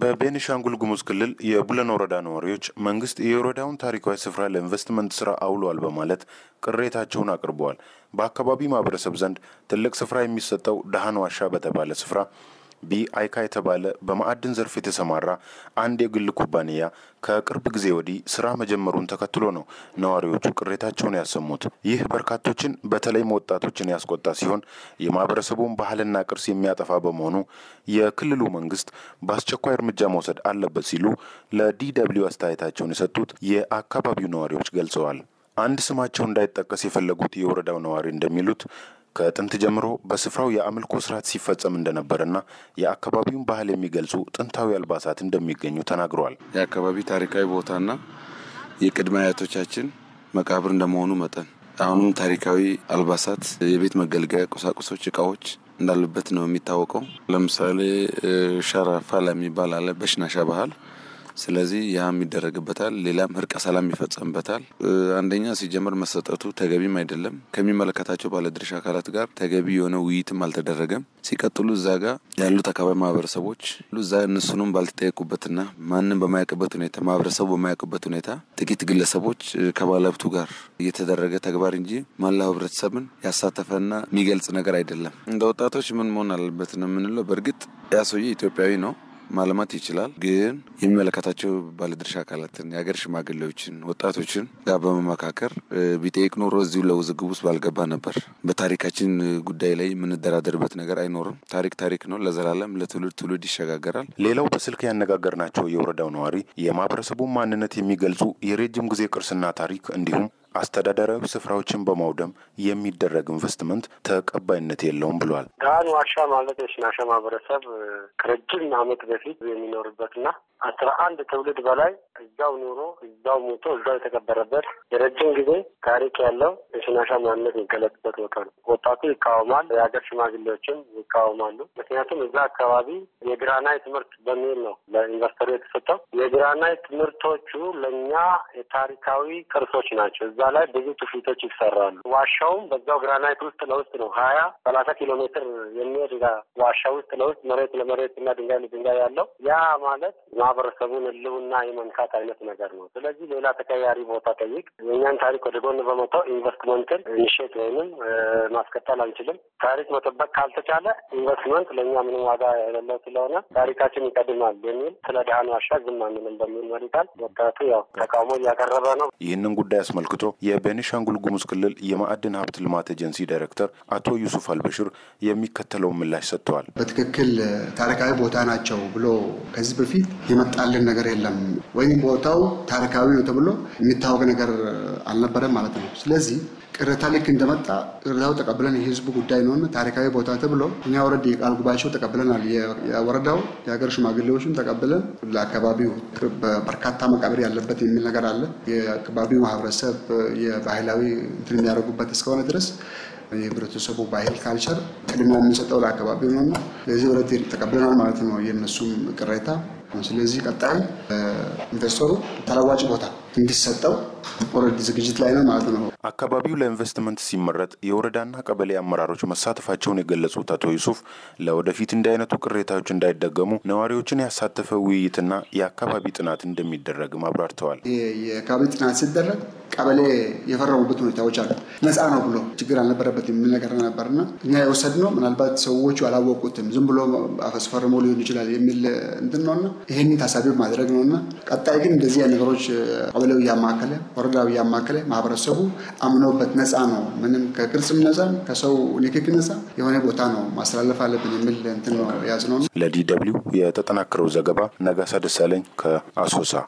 በቤኒሻንጉል ጉሙዝ ክልል የቡለን ወረዳ ነዋሪዎች መንግስት የወረዳውን ታሪካዊ ስፍራ ለኢንቨስትመንት ስራ አውሏል በማለት ቅሬታቸውን አቅርበዋል። በአካባቢ ማህበረሰብ ዘንድ ትልቅ ስፍራ የሚሰጠው ደሃን ዋሻ በተባለ ስፍራ ቢ አይካ የተባለ በማዕድን ዘርፍ የተሰማራ አንድ የግል ኩባንያ ከቅርብ ጊዜ ወዲህ ስራ መጀመሩን ተከትሎ ነው ነዋሪዎቹ ቅሬታቸውን ያሰሙት። ይህ በርካቶችን በተለይም ወጣቶችን ያስቆጣ ሲሆን የማህበረሰቡን ባህልና ቅርስ የሚያጠፋ በመሆኑ የክልሉ መንግስት በአስቸኳይ እርምጃ መውሰድ አለበት ሲሉ ለዲደብሊው አስተያየታቸውን የሰጡት የአካባቢው ነዋሪዎች ገልጸዋል። አንድ ስማቸው እንዳይጠቀስ የፈለጉት የወረዳው ነዋሪ እንደሚሉት ከጥንት ጀምሮ በስፍራው የአምልኮ ስርዓት ሲፈጸም እንደነበረና የአካባቢውን ባህል የሚገልጹ ጥንታዊ አልባሳት እንደሚገኙ ተናግረዋል። የአካባቢ ታሪካዊ ቦታና የቅድመ አያቶቻችን መቃብር እንደመሆኑ መጠን አሁንም ታሪካዊ አልባሳት፣ የቤት መገልገያ ቁሳቁሶች፣ እቃዎች እንዳሉበት ነው የሚታወቀው። ለምሳሌ ሸራፋ ለሚባል አለ በሽናሻ ባህል ስለዚህ ያም ይደረግበታል። ሌላም እርቀ ሰላም ይፈጸምበታል። አንደኛ ሲጀመር መሰጠቱ ተገቢም አይደለም። ከሚመለከታቸው ባለድርሻ አካላት ጋር ተገቢ የሆነ ውይይትም አልተደረገም። ሲቀጥሉ እዛ ጋር ያሉት አካባቢ ማህበረሰቦች እዛ እነሱንም ባልተጠየቁበትና ማንም በማያውቅበት ሁኔታ ማህበረሰቡ በማያውቅበት ሁኔታ ጥቂት ግለሰቦች ከባለሀብቱ ጋር የተደረገ ተግባር እንጂ መላው ህብረተሰብን ያሳተፈና የሚገልጽ ነገር አይደለም። እንደ ወጣቶች ምን መሆን አለበት ነው የምንለው። በእርግጥ ያ ሰውዬ ኢትዮጵያዊ ነው ማልማት ይችላል። ግን የሚመለከታቸው ባለድርሻ አካላትን፣ የሀገር ሽማግሌዎችን፣ ወጣቶችን ጋር በመመካከር ቢጠይቅ ኖሮ እዚሁ ለውዝግብ ውስጥ ባልገባ ነበር። በታሪካችን ጉዳይ ላይ የምንደራደርበት ነገር አይኖርም። ታሪክ ታሪክ ነው፣ ለዘላለም ለትውልድ ትውልድ ይሸጋገራል። ሌላው በስልክ ያነጋገርናቸው የወረዳው ነዋሪ የማህበረሰቡን ማንነት የሚገልጹ የረጅም ጊዜ ቅርስና ታሪክ እንዲሁም አስተዳደራዊ ስፍራዎችን በማውደም የሚደረግ ኢንቨስትመንት ተቀባይነት የለውም ብሏል። ዳን ዋሻ ማለት የሽናሻ ማህበረሰብ ከረጅም ዓመት በፊት የሚኖርበትና አስራ አንድ ትውልድ በላይ እዛው ኑሮ እዛው ሞቶ እዛው የተቀበረበት የረጅም ጊዜ ታሪክ ያለው የሽናሻ ማንነት የሚገለጽበት ቦታ ነው። ወጣቱ ይቃወማል፣ የሀገር ሽማግሌዎችም ይቃወማሉ። ምክንያቱም እዛ አካባቢ የግራናይ ትምህርት በሚል ነው ለኢንቨስተሩ የተሰጠው። የግራናይ ትምህርቶቹ ለእኛ የታሪካዊ ቅርሶች ናቸው። እዛ ላይ ብዙ ትውፊቶች ይሰራሉ። ዋሻውም በዛው ግራናይት ውስጥ ለውስጥ ነው። ሀያ ሰላሳ ኪሎ ሜትር የሚሄድ ዋሻ ውስጥ ለውስጥ መሬት ለመሬት እና ድንጋይ ለድንጋይ ያለው ያ ማለት የማህበረሰቡን ህልውና የመንካት አይነት ነገር ነው። ስለዚህ ሌላ ተቀያሪ ቦታ ጠይቅ። የእኛን ታሪክ ወደ ጎን በመተው ኢንቨስትመንትን እንሸጥ ወይንም ማስቀጠል አንችልም። ታሪክ መጠበቅ ካልተቻለ ኢንቨስትመንት ለእኛ ምንም ዋጋ የሌለው ስለሆነ ታሪካችን ይቀድማል የሚል ስለ ድሃን ዋሻ ዝም አንልም በሚል መሪ ቃል ወጣቱ ያው ተቃውሞ እያቀረበ ነው። ይህንን ጉዳይ አስመልክቶ የቤኒሻንጉል ጉሙዝ ክልል የማዕድን ሀብት ልማት ኤጀንሲ ዳይሬክተር አቶ ዩሱፍ አልበሽር የሚከተለውን ምላሽ ሰጥተዋል። በትክክል ታሪካዊ ቦታ ናቸው ብሎ ከዚህ በፊት የመጣልን ነገር የለም ወይም ቦታው ታሪካዊ ነው ተብሎ የሚታወቅ ነገር አልነበረም ማለት ነው። ስለዚህ ቅሬታ ልክ እንደመጣ ቅሬታው ተቀብለን የህዝቡ ጉዳይ ነው ታሪካዊ ቦታ ተብሎ እኛ ወረድ የቃል ጉባቸው ተቀብለናል። የወረዳው የሀገር ሽማግሌዎችን ተቀብለን ለአካባቢው በርካታ መቃብር ያለበት የሚል ነገር አለ። የአካባቢው ማህበረሰብ የባህላዊ እንትን የሚያደርጉበት እስከሆነ ድረስ የህብረተሰቡ ባህል ካልቸር ቅድሚያ የምንሰጠው ለአካባቢው ነው። ለዚህ ወረድ ተቀብለናል ማለት ነው። የእነሱም ቅሬታ ስለዚህ ቀጣይ ኢንቨስተሩ ተለዋጭ ቦታ እንዲሰጠው ኦልሬዲ ዝግጅት ላይ ነው ማለት ነው። አካባቢው ለኢንቨስትመንት ሲመረጥ የወረዳና ቀበሌ አመራሮች መሳተፋቸውን የገለጹት አቶ ዩሱፍ ለወደፊት እንዲህ አይነቱ ቅሬታዎች እንዳይደገሙ ነዋሪዎችን ያሳተፈ ውይይትና የአካባቢ ጥናት እንደሚደረግ አብራርተዋል። የአካባቢ ጥናት ሲደረግ ቀበሌ የፈረሙበት ሁኔታዎች አሉ። ነፃ ነው ብሎ ችግር አልነበረበት የሚል ነገር ነበርና እኛ የወሰድነው ምናልባት ሰዎቹ አላወቁትም ዝም ብሎ አፈስፈርሞ ሊሆን ይችላል የሚል እንትን ነውና ይህን ታሳቢ ማድረግ ነውና ቀጣይ ግን እንደዚህ ነገሮች ቀበሌው እያማከለ ወረዳው እያማከለ ማህበረሰቡ አምኖበት ነፃ ነው፣ ምንም ከቅርጽም ነፃ ከሰው ንክክ ነፃ የሆነ ቦታ ነው ማስተላለፍ አለብን የሚል እንትን ነው የያዝነው። ለዲ ደብልዩ የተጠናከረው ዘገባ ነጋሳ ደሳለኝ ከአሶሳ